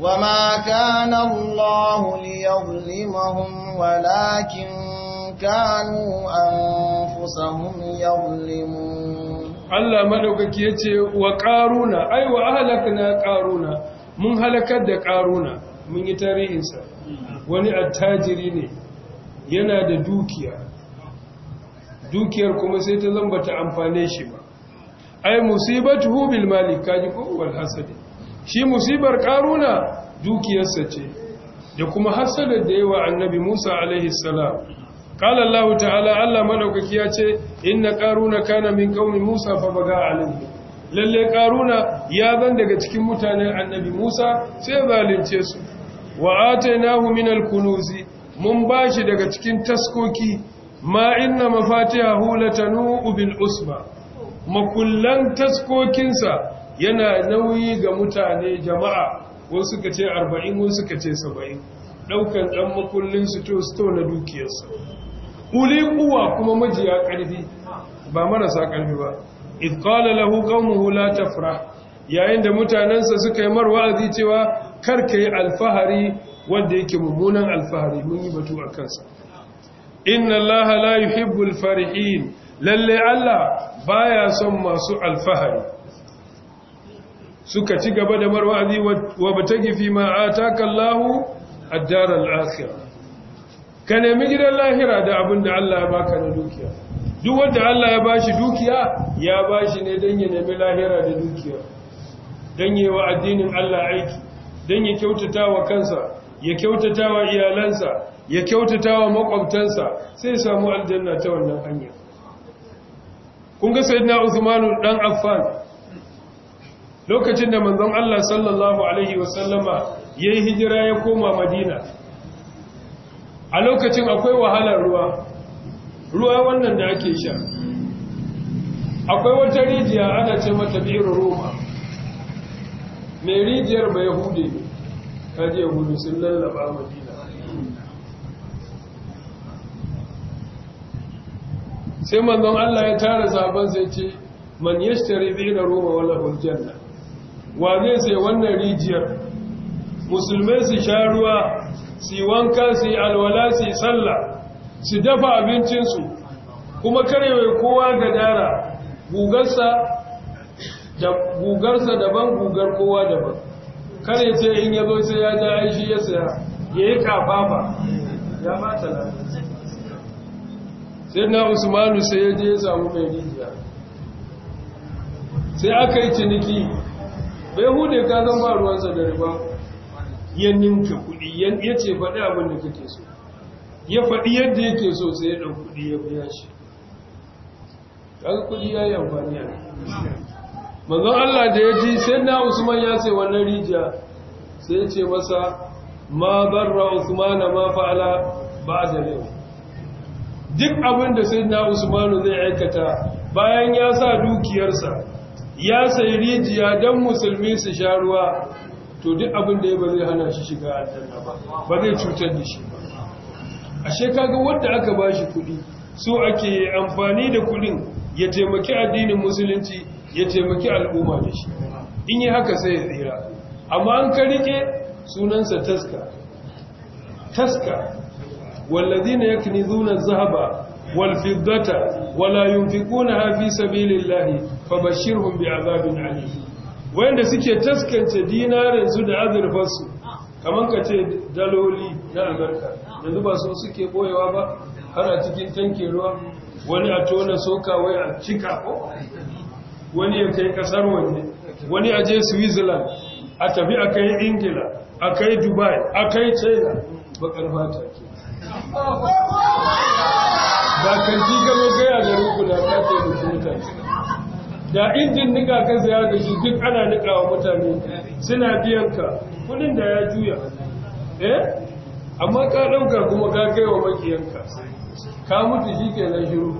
وما كان الله ليظلمهم ولكن kanu anfusahum yawlimun Allah madaukaki yace wa qaruna ay wa na qaruna mun halakar da ƙaruna mun yi tarihin wani attajiri ne yana da dukiya dukiyar kuma sai ta lambata amfane shi ba ay musibatu bil mali kaji ko wal hasadi shi musibar ƙaruna? dukiyar sa ce da kuma hasalar da yawa annabi Musa alaihi salam قال الله تعالى الله مدوكي yace inna na kana min qaumi musa fa baga alayhi lalle qaruna ya zan daga cikin mutanen annabi musa sai zalunce su wa atainahu min alkunuz mun bashi daga cikin taskoki ma inna mafatihahu latanu bil usba makullan taskokin sa yana nauyi ga mutane jama'a wasu kace 40 suka kace 70 daukan dan makullin su to sto na dukiyar sa uli kuwa kuma majiya ƙarfi ba marasa ƙarfi ba idh qala lahu qaumuhu la tafrah yayin da mutanensa suka yi mar wa'azi cewa karka yi alfahari wanda yake mummunan alfahari mun yi batu a kansa inna allaha la yuhibbu alfarihin lalle allah baya son masu alfahari suka ci gaba da mar wa'azi wa batagi fi ma ataka allah ad-dar al-akhirah ka nemi gidan lahira da abin da Allah ya baka na dukiya duk wanda Allah ya bashi dukiya ya bashi ne don ya nemi lahira da dukiya don yi wa addinin Allah aiki don ya kyautata wa kansa ya kyautata wa iyalansa ya kyautata wa makwabtansa sai samu aljanna ta wannan hanya kun ga sayyidina Usman dan Affan lokacin da manzon Allah sallallahu alaihi wasallama yayi hijira ya koma Madina a lokacin akwai wahalar ruwa ruwa wannan da ake sha akwai wata rijiya ana ce mata biyar roma mai rijiyar mai hude je hudu sun lallaba madina sai manzon Allah ya tara sabon sai ce man yashtari birin roma wala hujjanna wa zai sai wannan rijiyar musulmai su sha ruwa su yi wanka su yi alwala su yi sallah su dafa abincinsu kuma karewa kowa gadara gugarsa da gugarsa daban gugar kowa daban kare ce in yazo sai ya ja aishi ya saya ya yi kafafa ya mata lafiya sai na usmanu sai ya je ya samu mai rijiya sai aka yi ciniki bai hude ka zan ba ruwansa da riba ya ninkin kudi ya ce faɗi abin da kake so ya faɗi yadda yake so sai ya ɗan kudi ya biya shi kaga kudi ya yi amfani a mazan Allah da ya ji sai na Usman ya ce wannan rijiya sai ya ce masa ma barra Usman ma fa'ala da yau duk abin da sai na Usman zai aikata bayan ya sa dukiyarsa ya sai rijiya don musulmi su sha ruwa to duk abin da ya ba zai hana shi shiga aljanna ba ba zai cutar da shi ba ashe kaga wanda aka bashi kuɗi so ake amfani da kuɗin ya taimaki addinin musulunci ya taimaki al'umma da shi in yi haka sai ya tsira amma an ka rike sunansa taska taska wallazina yaknizuna zahaba wal fiddata wala yunfiquna fi sabilillahi fabashirhum bi'adabin alim wanda suke taskance dinarinsu da azurfarsu kamar ka ce daloli na amurka yanzu ba sun suke boyewa ba har a cikin tanke ruwa wani a tona soka wai a cika wani ya kai kasar wani wani a je switzerland a tafi a kai ingila a kai dubai a kai china bakar fata ke ba kan ji gama gaya da rukuna ta ke da mutane da injin nika kansa ya gashi duk ana nika wa mutane suna biyan ka kudin da ya juya eh amma ka ɗauka kuma ka kai wa makiyanka ka mutu shi ke na shiru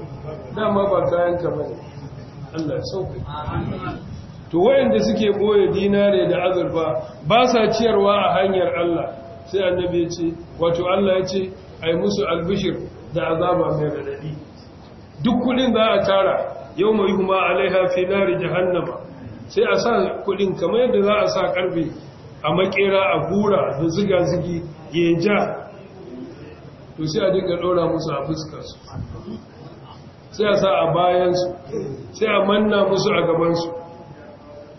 dama ba kayanka ka bane allah ya sauka to wayanda suke boye dinare da azurfa ba sa ciyarwa a hanyar Allah sai annabi ya ce wato Allah ya ce ai musu albishir da azaba mai radadi duk kudin za a tara yau mai huma alaiha fi nari jahannama sai a sa kudin kamar yadda za a sa karfe a makera a gura da ziga-zigi ya ja to sai a dinga dora musu a fuskarsu sai a sa a bayansu sai a manna musu a gabansu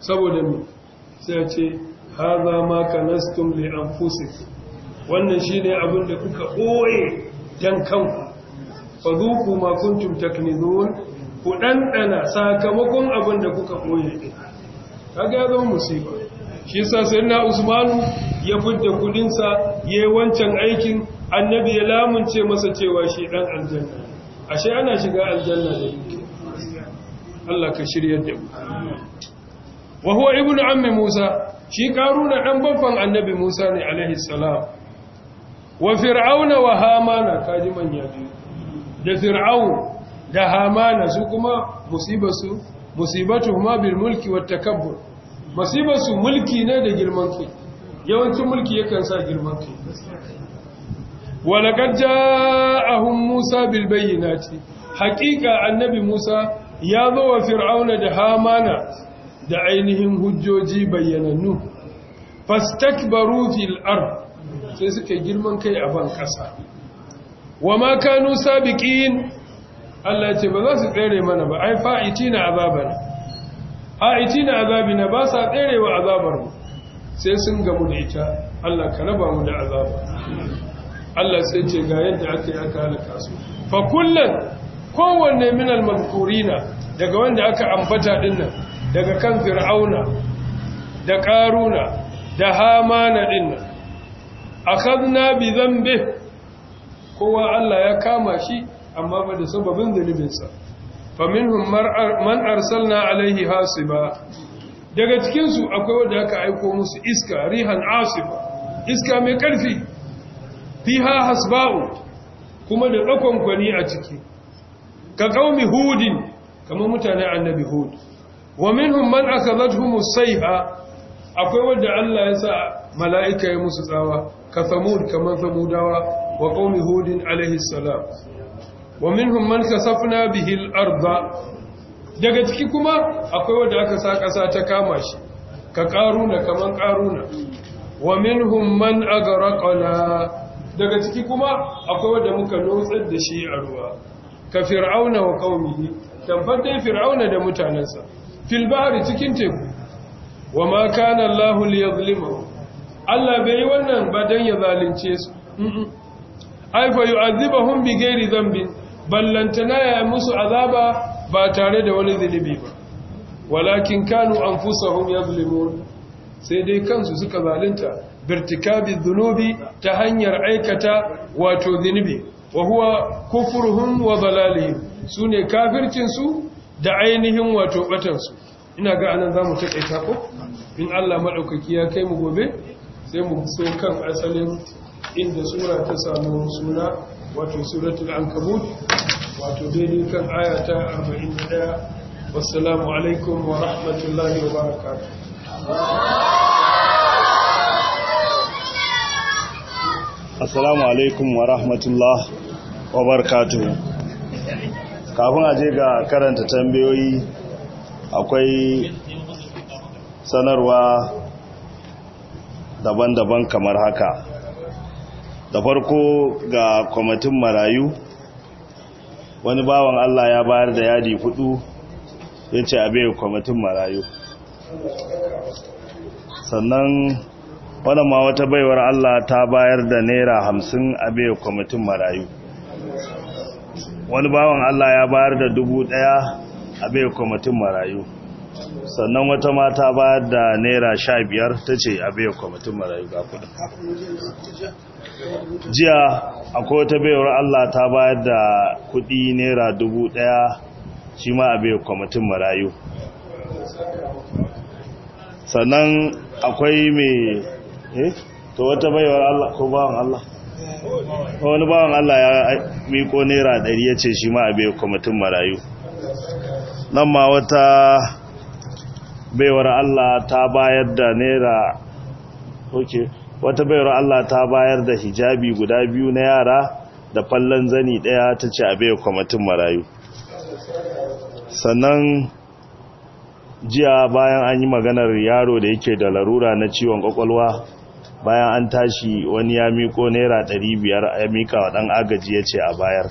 saboda mu sai a ce haza ma kanastum li anfusikum wannan shine abin da kuka ɓoye dan kanku ba zuku ma takninu ku ɗanɗana sakamakon abin da kuka ɓoye ɗin kaga ga zama musiba shi sa sai na usmanu ya fidda kudinsa ya yi wancan aikin annabi ya lamunce masa cewa shi ɗan aljanna ashe ana shiga aljanna da yake Allah ka shirya da mu wa huwa ibnu ammi musa shi karuna dan babban annabi musa ne alaihi salam wa fir'auna wa hamana kaji manya biyu da fir'aun da hamana su kuma musibarsu musibatu huma bil mulki wat takabbur musibarsu mulki ne da girman kai yawancin mulki yakan sa girman kai wa laqad ja'ahum musa bil bayyinati haqiqa annabi musa ya zo wa fir'auna da hamana da ainihin hujjoji bayyanannu fastakbaru fil ard sai suke girman kai a ban kasa wa ma kanu sabiqin Allah ya ce ba za su tsere mana ba ai fa'itina azabana fa'itina azabina ba sa tserewa azabarmu sai sun gamu da ita Allah ka raba mu da azaba Allah sai ce ga yadda aka yi aka halaka su fa kullun kowanne min al-mazkurina daga wanda aka ambata dinnan daga kan fir'auna da karuna da hamana dinnan akhadna bi dhanbi kowa Allah ya kama shi amma ba da sababin zunubinsa faminhum man arsalna alaihi hasiba daga cikinsu akwai wanda aka aiko musu iska rihan asiba iska mai ƙarfi fiha hasba'u kuma da ɗakon kwani a ciki ka qaumi hudin kamar mutane annabi hud wa minhum man akhadhathum as-sayha akwai wanda Allah ya sa mala'ika ya musu tsawa ka samud kamar samudawa wa qaumi hudin alaihi salam wa minhum man kasafna bihi al ardha daga ciki kuma akwai wanda aka sa kasa ta kama shi ka karuna kaman karuna wa minhum man agraqala daga ciki kuma akwai wanda muka lotsar da shi a ruwa ka fir'auna wa qaumihi tabbatai fir'auna da mutanansa fil bahri cikin teku wa ma kana Allahu liyadhlimuhum Allah bai yi wannan ba dan ya zalunce su ai fa yu'adhibuhum bi ghairi dhanbin ballantana ya musu azaba ba tare da wani zinibi ba walakin kanu anfusahum yazlimun sai dai kansu suka zalunta birtikabi dhunubi ta hanyar aikata wato zunubi wa huwa kufruhum wa dalalihim sune kafircin su da ainihin wato batansu ina ga anan zamu takaita ko in Allah madaukaki ya kai mu gobe sai mu so kan asalin inda sura ta samu suna wato suratul ankabut wato daidai kan ayata 41 wassalamu alaikum wa rahmatullahi wa barakatuh assalamu alaikum wa rahmatullah wa barkatu kafin aje ga karanta tambayoyi akwai sanarwa daban-daban kamar haka da farko ga kwamitin marayu wani bawan Allah ya bayar da yadi hudu ya ce abe kwamitin marayu sannan wadda ma wata baiwar Allah ta bayar da naira hamsin abe kwamitin marayu wani bawan Allah ya bayar da dubu daya abe kwamitin marayu sannan wata mata bayar da naira sha biyar ta ce abe kwamitin marayu ga kudu jiya akwai wata bayar Allah ta bayar da kudi naira dubu daya shi ma a bayar kwamitin marayu sannan akwai mai eh to wata bayar Allah ko bawan Allah wani bawan Allah ya miko naira ɗari ya ce shi ma a bai kwamitin marayu nan ma wata baiwar Allah ta bayar da naira oke wata bayarwa Allah ta bayar da hijabi guda biyu na yara da fallon zani daya ta ce a bai kwamitin marayu sannan jiya bayan an yi maganar yaro da yake da larura na ciwon kwakwalwa bayan an tashi wani ya miko naira 500 ya mika wa dan agaji ya ce a bayar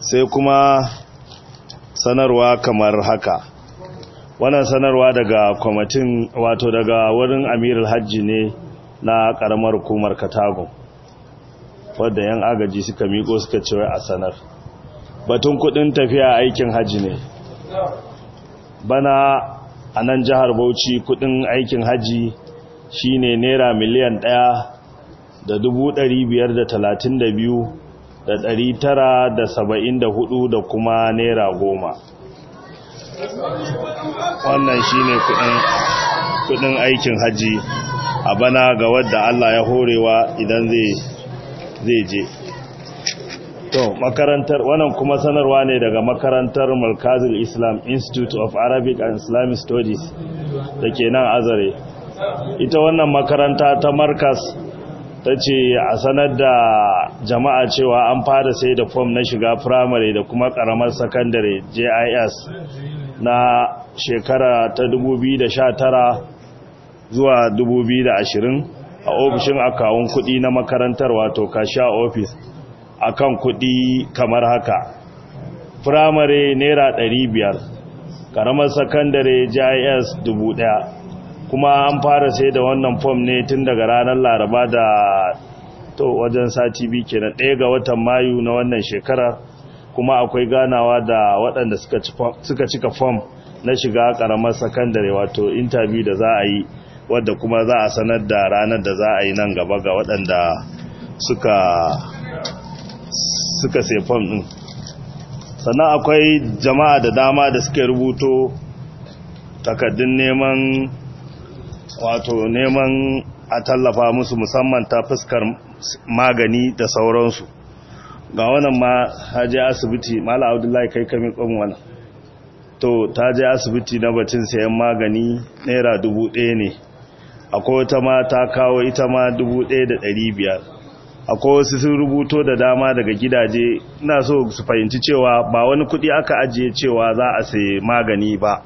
sai kuma sanarwa kamar haka wannan sanarwa daga kwamitin wato daga wurin amirul hajji ne na karamar hukumar katago wadda yan agaji suka miko suka cewa a sanar batun kudin tafiya aikin hajji ne bana a nan jihar bauchi kudin aikin hajji shine naira miliyan ɗaya da dubu ɗari biyar da talatin da biyu da ɗari tara da saba'in da hudu da kuma naira goma wannan shi ne kudin aikin hajji a bana ga wadda Allah ya horewa idan zai je to makarantar wannan kuma sanarwa ne daga makarantar Malkazil Islam Institute of Arabic and Islamic Studies da ke nan Azare ita wannan makaranta ta Markas ta ce a sanar da jama'a cewa an fara sai da fom na shiga firamare da kuma karamar sakandare jis na shekara ta 2019 zuwa 2020 a ofishin akawun kudi na makarantar wato kasha ofis akan kudi kamar haka firamare naira 500 karamar sakandare jis 1000 kuma an fara sai da wannan fom ne tun daga ranar laraba da to wajen sati biyu kenan ɗaya ga watan mayu na wannan shekarar kuma akwai ganawa da waɗanda suka cika fom na shiga ƙaramar sakandare wato intabi da za a yi wadda kuma za a sanar da ranar da za a yi nan gaba ga waɗanda suka suka sai fom ɗin sannan akwai jama'a da dama da suke rubuto takaddun neman wato neman a tallafa musu musamman ta fuskar magani da sauransu ga wannan ma haje asibiti mala abdullahi kai kami kwan wannan to ta je asibiti na batun sayan magani naira dubu ɗaya ne akwai wata ma ta kawo ita ma dubu ɗaya da ɗari biyar akwai wasu sun rubuto da dama daga gidaje ina so su fahimci cewa ba wani kuɗi aka ajiye cewa za a sayi magani ba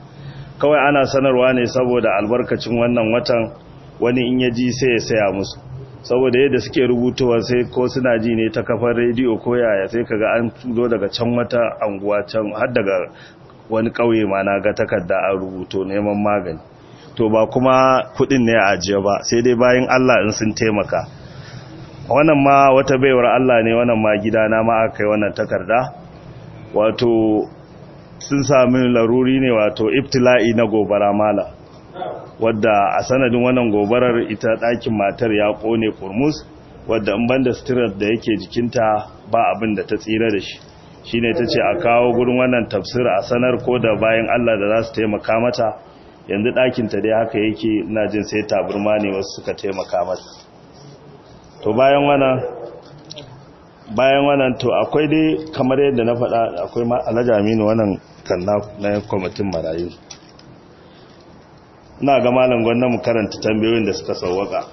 kawai ana sanarwa ne saboda albarkacin wannan watan wani in ya ji sai ya saya musu saboda yadda suke rubutuwa sai ko suna ji ne ta kafar rediyo ko yaya sai kaga an zo daga can wata anguwa can har daga wani kauye ma na ga takarda a rubuto neman magani to ba kuma kudin ne a ajiye ba sai dai bayan Allah in sun taimaka wannan ma wata baiwar Allah ne wannan ma gidana ma aka yi wannan takarda wato sun sami laruri ne wato iftila'i na gobara mala wadda a sanadin wannan gobarar ita ɗakin matar ya ƙone kurmus wadda in banda sitirar da yake jikinta ba abin da ta tsira da shi shi ne ta ce a kawo gurin wannan tafsir a sanar ko da bayan allah da za su taimaka mata yanzu ɗakinta dai haka yake ina jin sai taburma ne wasu suka taimaka mata to bayan wannan bayan wannan to akwai dai kamar yadda na faɗa akwai ma alhaji aminu wannan kanna na kwamitin marayu na ga malam Gwamna mu karanta tambayoyin da suka sauwaka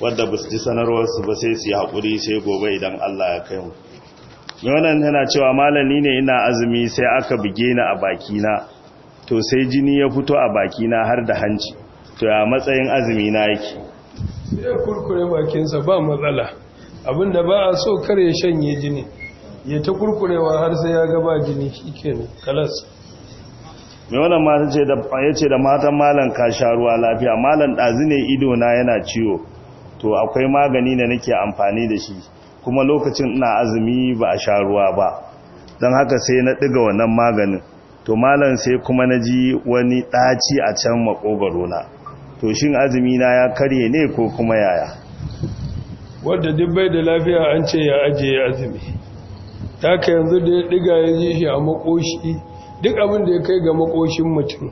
wadda ba su ji su ba sai su yi haƙuri sai gobe idan Allah ya kai mu wannan yana cewa malami ne ina azumi sai aka buge ni a bakina to sai jini ya fito a bakina har da hanci to ya matsayin azumi na yake sai ya kurkure bakinsa ba matsala abinda ba a so kar ya shanye jini ya ta kurkurewa har sai ya ga ba jini shikenan kalas mai wannan mata ce da ya ce da matan malan ka sha ruwa lafiya malan ɗazi ne ido na yana ciwo to akwai magani da nake amfani da shi kuma lokacin ina azumi ba a sha ruwa ba don haka sai na ɗiga wannan maganin to malan sai kuma na ji wani ɗaci a can makogaro na to shin azumi na ya karye ne ko kuma yaya wadda duk bai da lafiya an ce ya ajiye azumi ta ka yanzu da ya ɗiga ya ji shi a makoshi duk abin da ya kai ga makoshin mutum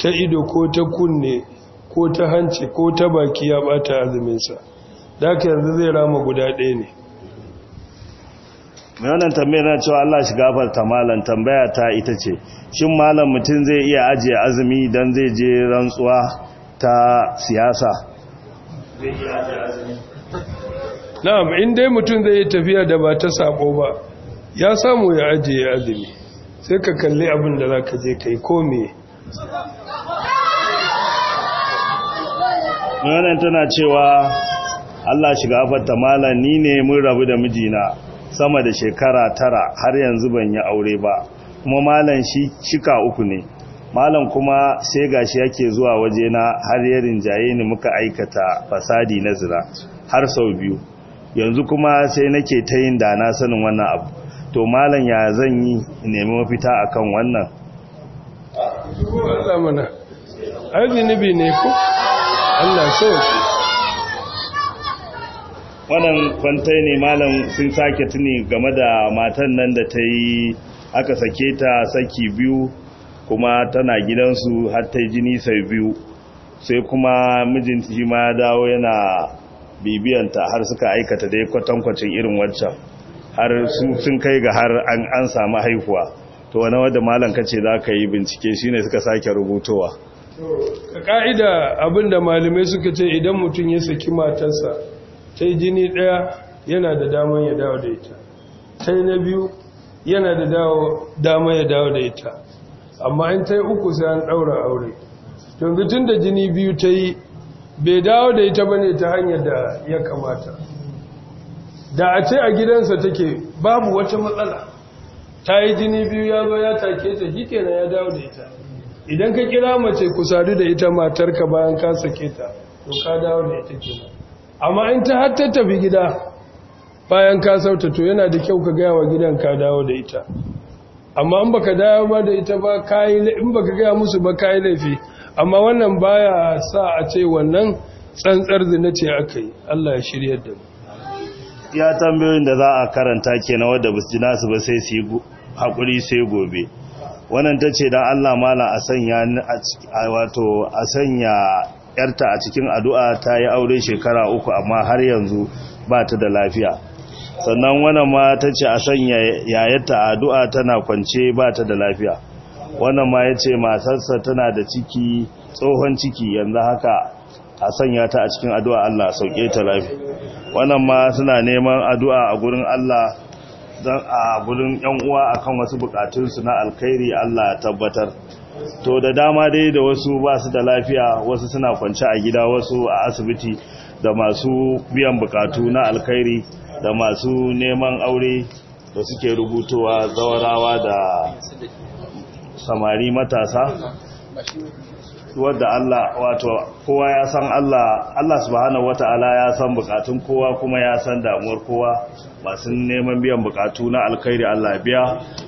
ta ido ko ta kunne ko ta hanci ko ta baki ya bata azuminsa da haka yanzu zai rama guda ɗaya ne mai wannan tambayar na cewa Allah shi gafarta malam tambaya ta ita ce shin malam mutum zai iya ajiye azumi don zai je rantsuwa ta siyasa na'am in dai mutum zai yi tafiya da ba ta sako ba ya samu ya ajiye azumi sai ka kalli abin da za ka je ka yi kome wannan tana cewa Allah shiga afarta malam ni ne mun rabu da mijina sama da shekara tara har yanzu ban yi aure ba kuma malam shi cika uku ne malam kuma sai gashi yake zuwa waje na har ya rinjaye ni muka aikata fasadi na zira har sau biyu yanzu kuma sai nake ta yin da na sanin wannan abu to malam ya zan yi nemi mafita a kan wannan zamana ne ku Allah sauki wannan kwantai ne malam sun sake tuni game da matan nan da ta yi aka sake ta saki biyu kuma tana gidansu har ta jini sai biyu sai kuma mijinta shi ma ya dawo yana bibiyanta har suka aikata dai kwatankwacin irin waccan har sun kai ga har an samu mahaihuwa, to wani wadda malam kace za ka yi bincike shi ne suka sake rubutowa ka'ida abinda malamai suka ce idan mutum ya saki matarsa ta yi jini daya yana da damar ya dawo da ita ta na biyu yana da damar ya dawo da ita amma in ta yi uku sai an ɗaura aure tunzutun da jini biyu ta yi bai dawo da ita bane ta hanyar da ya kamata da a ce a gidansa take babu wata matsala ta yi jini biyu ya zo ya take ta shi na ya dawo da ita idan ka kira mace ku sadu da ita matar ka bayan ka sake ta to ka dawo da ita kenan amma in ta har ta tafi gida bayan ka sauta to yana da kyau ka gaya wa gidan ka dawo da ita amma in baka dawo ba da ita ba kai in baka gaya musu ba kai laifi amma wannan baya sa a ce wannan tsantsar zina ce aka yi Allah ya shiryar da mu ya tambayoyin da za a karanta kenan wadda ba nasu ba sai su yi haƙuri sai gobe wannan ta ce don allah mala a sanya wato a sanya yarta a cikin addu'a ta yi aure shekara uku amma har yanzu ba ta da lafiya sannan wannan ma ta ce a sanya yayarta a addu'a tana kwance ba ta da lafiya wannan ma ya ce matarsa tana da ciki tsohon ciki yanzu haka a sanya ta a cikin addu'a Allah a sauke ta lafi wannan ma suna neman addu'a a gurin Allah don a gurin ‘yan uwa akan wasu buƙatunsu na alkairi Allah ya tabbatar to da dama dai da wasu ba su da lafiya wasu suna kwanci a gida wasu a asibiti da masu biyan buƙatu na alkhairi da masu neman aure da suke rubutowa zawarawa da samari matasa wadda Allah wato kowa ya san Allah Allah subhanahu wata'ala ya san bukatun kowa kuma ya san damuwar kowa masu neman biyan bukatu na alkhairi Allah biya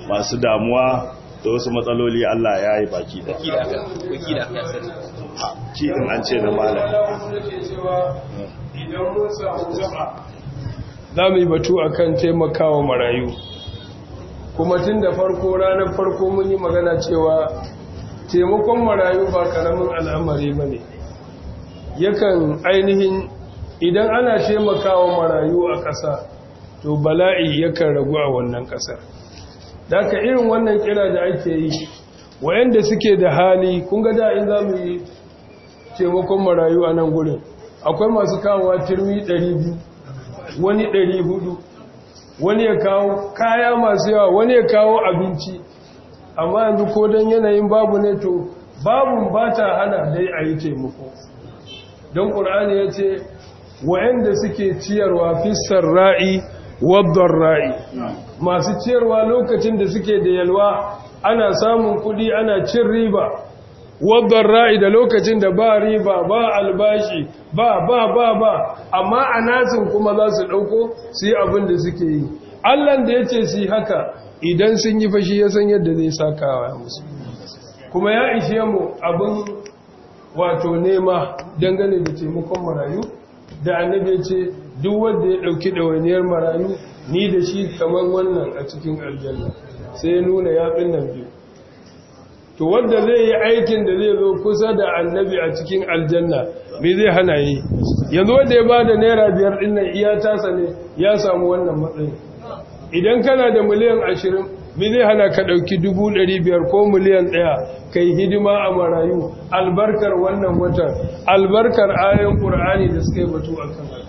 masu damuwa da wasu matsaloli Allah ya yi baki da ki an ce da malam za mu yi batu akan taimakawa marayu kuma tun da farko ranar farko mun yi magana cewa taimakon marayu ba karamin al'amari ba ne yakan ainihin idan ana taimakawa marayu a ƙasa to bala'i yakan ragu a wannan ƙasar da ka irin wannan kira da ake yi wayanda suke da hali kun ga da in za mu yi taimakon marayu a nan gurin akwai masu kawowa turmi 200 wani 400 wani ya kawo kaya masu yawa wani ya kawo abinci amma yanzu ko don yanayin babu ne to babu ba ta hana dai a yi taimako don ƙur'ani ya ce wa'anda suke ciyarwa fisar ra'i wadda ra'i masu ciyarwa lokacin da suke da yalwa ana samun kuɗi ana cin riba wadda ra'i da lokacin da ba riba ba albashi ba ba ba ba amma a nasin kuma za su ɗauko su yi abin da suke yi Allah da ya ce su haka idan sun yi fashi ya san yadda zai sakawa musu kuma ya ishe mu abin wato nema dangane da taimakon marayu da annabi ya ce duk wanda ya ɗauki ɗawainiyar marayu ni da shi kamar wannan a cikin aljanna sai ya nuna nan biyu to wanda zai yi aikin da zai zo kusa da annabi a cikin aljanna me zai hana yi yanzu wanda ya ba da naira biyar ɗin nan iya tasa ne ya samu wannan matsayin idan kana da miliyan ashirin me zai hana ka ɗauki dubu ɗari biyar ko miliyan ɗaya ka hidima a marayu albarkar wannan watan albarkar ayan ƙur'ani da suka yi batu a kan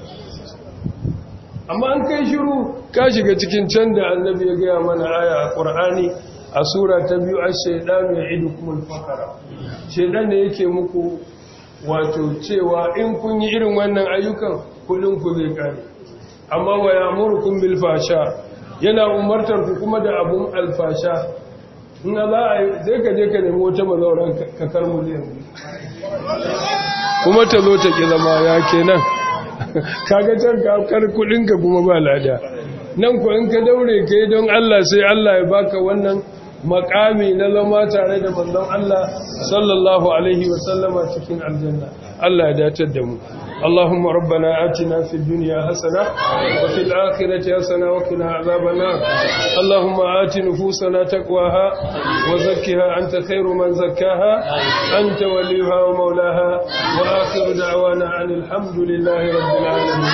amma an kai shiru ka shiga cikin can da annabi ya gaya mana aya a ƙur'ani a sura ta biyu a shaidan ya idu kuma fakara shaidan ne yake muku wato cewa in kun yi irin wannan ayyukan kuɗin ku zai kare amma wa ya bil yana umartar ku kuma da abun alfasha in za a yi zai ka je ka nemi wata mazauran kakar miliyan kuma ta zo ta ƙi zama ya ke nan kaga kakar kudinka kuma ba lada nan ku in ka daure ka yi don allah sai allah ya baka wannan makami na zama tare da manzon allah sallallahu alaihi wasallama cikin aljanna allah ya datar da mu اللهم ربنا آتنا في الدنيا حسنة وفي الآخرة حسنة وقنا عذاب النار اللهم آت نفوسنا تقواها وزكها أنت خير من زكاها أنت وليها ومولاها وآخر دعوانا عن الحمد لله رب العالمين